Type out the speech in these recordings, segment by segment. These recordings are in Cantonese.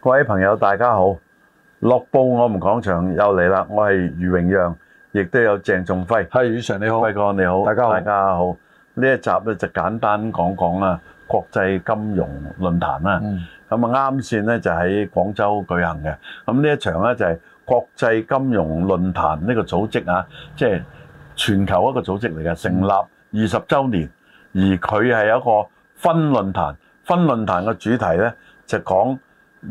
各位朋友，大家好！樂報我們講場又嚟啦，我係余榮讓，亦都有鄭仲輝。係余 Sir 你好，輝哥你好，大家好，大家好。呢一集咧就簡單講講啦，國際金融論壇啦，咁啊啱先咧就喺廣州舉行嘅。咁呢一場咧就係國際金融論壇呢個組織啊，即係全球一個組織嚟嘅，成立二十周年，而佢係一個分論壇，分論壇嘅主題咧就講。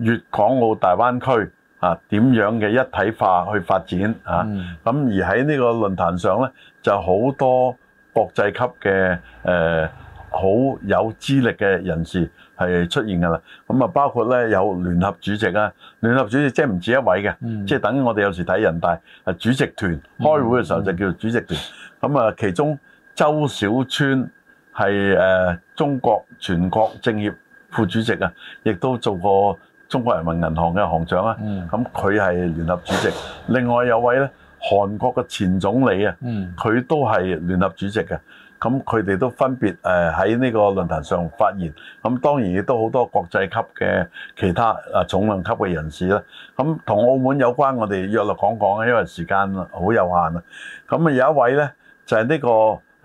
粵港澳大灣區啊，點樣嘅一體化去發展啊？咁、嗯、而喺呢個論壇上咧，就好多國際級嘅誒，好、呃、有資歷嘅人士係出現㗎啦。咁啊，包括咧有聯合主席啊，聯合主席即係唔止一位嘅，即、嗯、係、就是、等於我哋有時睇人大係、啊、主席團開會嘅時候就叫做主席團。咁、嗯嗯、啊，其中周小川係誒中國全國政協副主席啊，亦都做過。中國人民銀行嘅行長啊，咁佢係聯合主席。另外有位咧，韓國嘅前總理啊，佢都係聯合主席嘅。咁佢哋都分別誒喺呢個論壇上發言。咁當然亦都好多國際級嘅其他啊重量級嘅人士啦。咁同澳門有關，我哋約略講講啊，因為時間好有限啊。咁啊有一位咧，就係呢個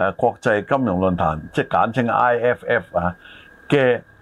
誒國際金融論壇，即係簡稱 IFF 啊嘅。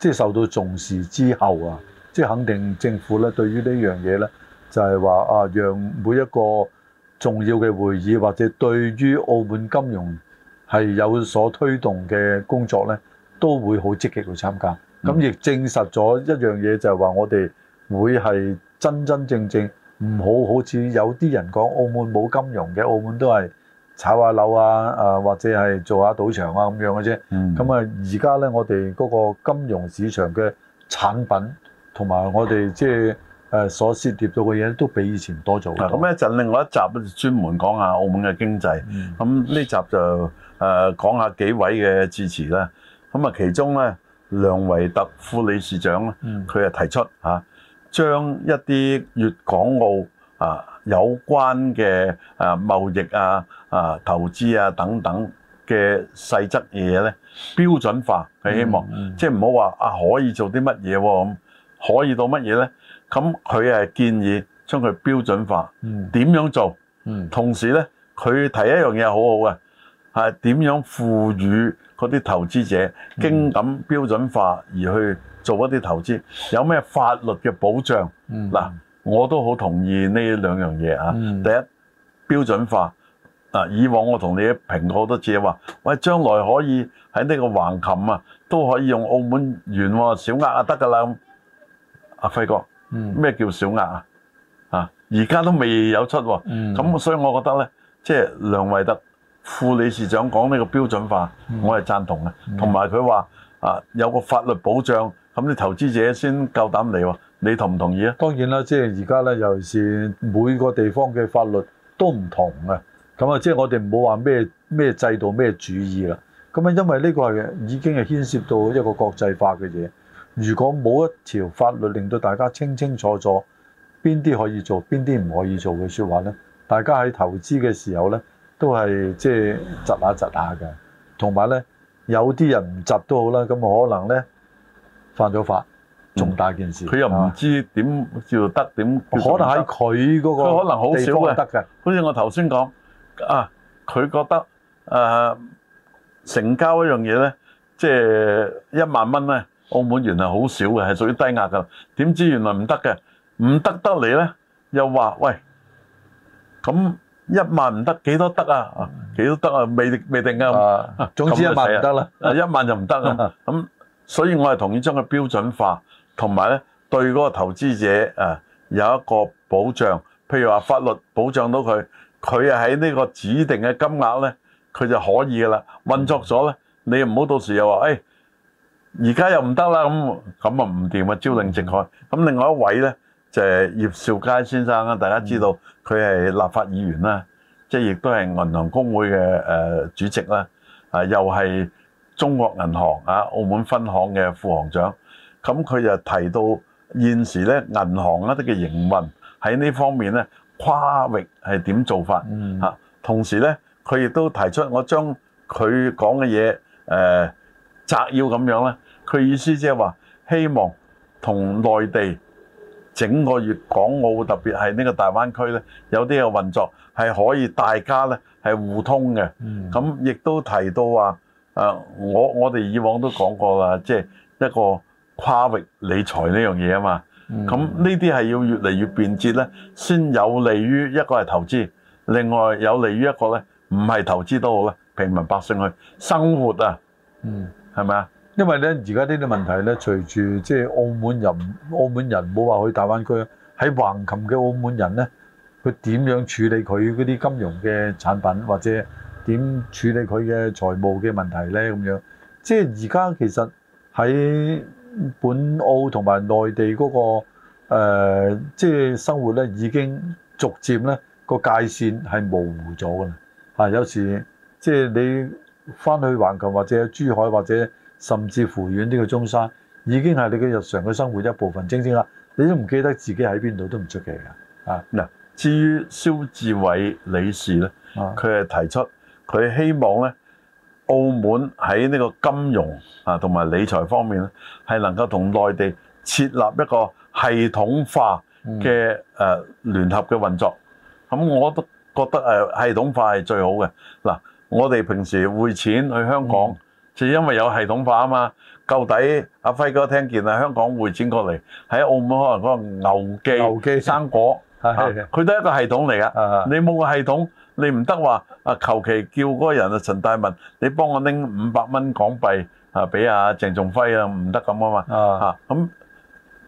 即係受到重視之後啊，即係肯定政府咧對於呢樣嘢咧，就係話啊，讓每一個重要嘅會議或者對於澳門金融係有所推動嘅工作咧，都會好積極去參加。咁亦證實咗一樣嘢，就係話我哋會係真真正正唔好好似有啲人講澳門冇金融嘅，澳門都係，炒下樓啊！誒或者係做下賭場啊咁樣嘅啫。咁、嗯、啊，而家咧我哋嗰個金融市場嘅產品同埋我哋即係誒所涉獵到嘅嘢都比以前多咗。咁一陣就另外一集就專門講下澳門嘅經濟。咁、嗯、呢集就誒講下幾位嘅支持啦。咁啊，其中咧梁維特副理事長，佢啊提出嚇、啊、將一啲粵港澳啊有關嘅誒貿易啊。啊，投資啊等等嘅細則嘢咧，標準化佢希望，嗯嗯、即係唔好話啊可以做啲乜嘢喎，可以到乜嘢咧？咁佢係建議將佢標準化，點、嗯、樣做？嗯、同時咧，佢提一樣嘢好好嘅，係點樣賦予嗰啲投資者經咁、嗯、標準化而去做一啲投資，有咩法律嘅保障？嗱、嗯，我都好同意呢兩樣嘢啊、嗯！第一，標準化。啊！以往我同你評過好多次，話喂，將來可以喺呢個橫琴啊，都可以用澳門元喎，小額就了啊得㗎啦。阿輝哥，咩、嗯、叫小額啊？啊，而家都未有出喎。咁、嗯啊、所以我覺得咧，即、就、係、是、梁維德副理事長講呢個標準化，嗯、我係贊同嘅。同埋佢話啊，有個法律保障，咁你投資者先夠膽嚟喎。你同唔同意啊？當然啦，即係而家咧，尤其是每個地方嘅法律都唔同嘅。咁啊，即係我哋唔好話咩咩制度咩主義啦。咁啊，因為呢個係已經係牽涉到一個國際化嘅嘢。如果冇一條法律令到大家清清楚楚邊啲可以做，邊啲唔可以做嘅説話咧，大家喺投資嘅時候咧，都係即係窒下窒下嘅。同埋咧，有啲人唔窒都好啦。咁啊、嗯，可能咧犯咗法重大件事。佢又唔知點叫做得點，可能喺佢嗰個地方得嘅。好似我頭先講。啊！佢覺得誒、呃、成交一樣嘢咧，即、就、係、是、一萬蚊咧，澳門原來好少嘅，係屬於低額嘅。點知原來唔得嘅，唔得得嚟咧，又話喂，咁一萬唔得，幾多得啊？幾、啊、幾多得啊？未未定啊，啊！總之一萬唔得啦、啊啊，一萬就唔得喇 啊！咁所以我係同意將佢標準化，同埋咧對嗰個投資者啊有一個保障，譬如話法律保障到佢。佢啊喺呢個指定嘅金額咧，佢就可以噶啦，運作咗咧，你唔好到時又話，誒，而家又唔得啦，咁咁啊唔掂啊招領直開。咁另外一位咧就係葉兆佳先生啊，大家知道佢係立法議員啦，即係亦都係銀行公會嘅誒主席啦，啊又係中國銀行啊澳門分行嘅副行長。咁佢就提到現時咧銀行一啲嘅營運喺呢方面咧。跨域係點做法？嚇、嗯啊，同時咧，佢亦都提出我將佢講嘅嘢誒摘要咁樣咧。佢意思即係話希望同內地整個粵港澳特別係呢個大灣區咧，有啲嘅運作係可以大家咧係互通嘅。咁、嗯、亦都提到話誒、呃，我我哋以往都講過啦，即係一個跨域理財呢樣嘢啊嘛。咁呢啲係要越嚟越便捷咧，先有利於一個係投資，另外有利於一個咧，唔係投資都好咧，平民百姓去生活啊，嗯，係咪啊？因為咧，而家呢啲問題咧，隨住即係澳門人，澳門人唔好話去大灣區啊，喺橫琴嘅澳門人咧，佢點樣處理佢嗰啲金融嘅產品，或者點處理佢嘅財務嘅問題咧？咁樣，即係而家其實喺本澳同埋內地嗰、那個即係、呃就是、生活咧，已經逐漸咧個界線係模糊咗㗎啦。啊，有時即係、就是、你翻去橫琴或者珠海或者甚至乎遠啲嘅中山，已經係你嘅日常嘅生活一部分整整。整整，下你都唔記得自己喺邊度，都唔出奇㗎。啊嗱，至於蕭志偉理事咧，佢係提出佢希望咧。澳門喺呢個金融啊同埋理財方面咧，係能夠同內地設立一個系統化嘅誒聯合嘅運作。咁我都覺得誒系統化係最好嘅。嗱，我哋平時匯錢去香港，就因為有系統化啊嘛。舊底阿輝哥聽見啦，香港匯錢過嚟喺澳門，可能嗰個牛記、生果，佢都係一個系統嚟噶。你冇個系統。你唔得話啊，求其叫嗰個人啊，陳大文，你幫我拎五百蚊港幣啊，俾阿鄭仲輝啊，唔得咁啊嘛啊，咁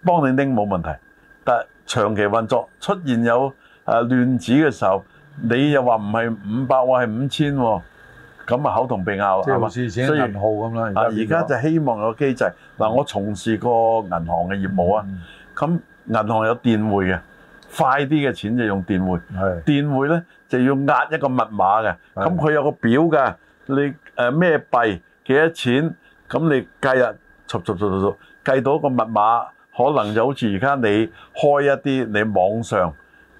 幫你拎冇問題，但長期運作出現有啊亂子嘅時候，你又話唔係五百，我係五千，咁啊口同鼻拗，即係似似銀號咁啦。啊，而家就希望有機制嗱，我從事過銀行嘅業務啊，咁銀行有電匯嘅。快啲嘅錢就用電匯，電匯咧就要押一個密碼嘅。咁佢有個表㗎，你誒咩幣幾多錢？咁你計入，做做做做做，計到個密碼，可能就好似而家你開一啲你網上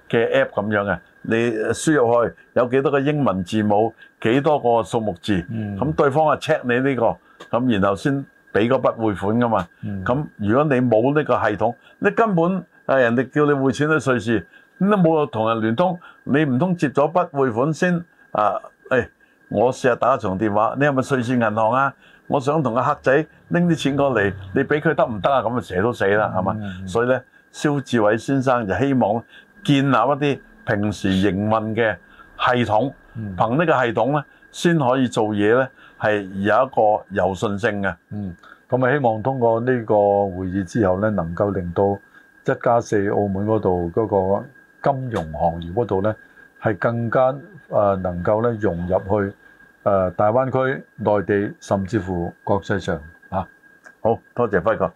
嘅 app 咁樣嘅，你輸入去有幾多個英文字母，幾多個數目字，咁對方啊 check 你呢個，咁然後先俾嗰筆匯款㗎嘛。咁如果你冇呢個系統，你根本啊！人哋叫你匯錢去、啊、瑞士，咁都冇同人聯通，你唔通接咗筆匯款先？啊！誒、哎，我成日打長電話，你係咪瑞士銀行啊？我想同個黑仔拎啲錢過嚟，你俾佢得唔得啊？咁啊，成日都死啦，係、嗯、嘛？所以咧，蕭志偉先生就希望建立一啲平時營運嘅系統，憑、嗯、呢個系統咧，先可以做嘢咧，係有一個有信性嘅。嗯，咁啊，希望通過呢個會議之後咧，能夠令到。一加四，澳門嗰度嗰個金融行業嗰度咧，係更加誒、呃、能夠咧融入去誒、呃、大灣區、內地，甚至乎國際上嚇、啊。好多謝輝哥。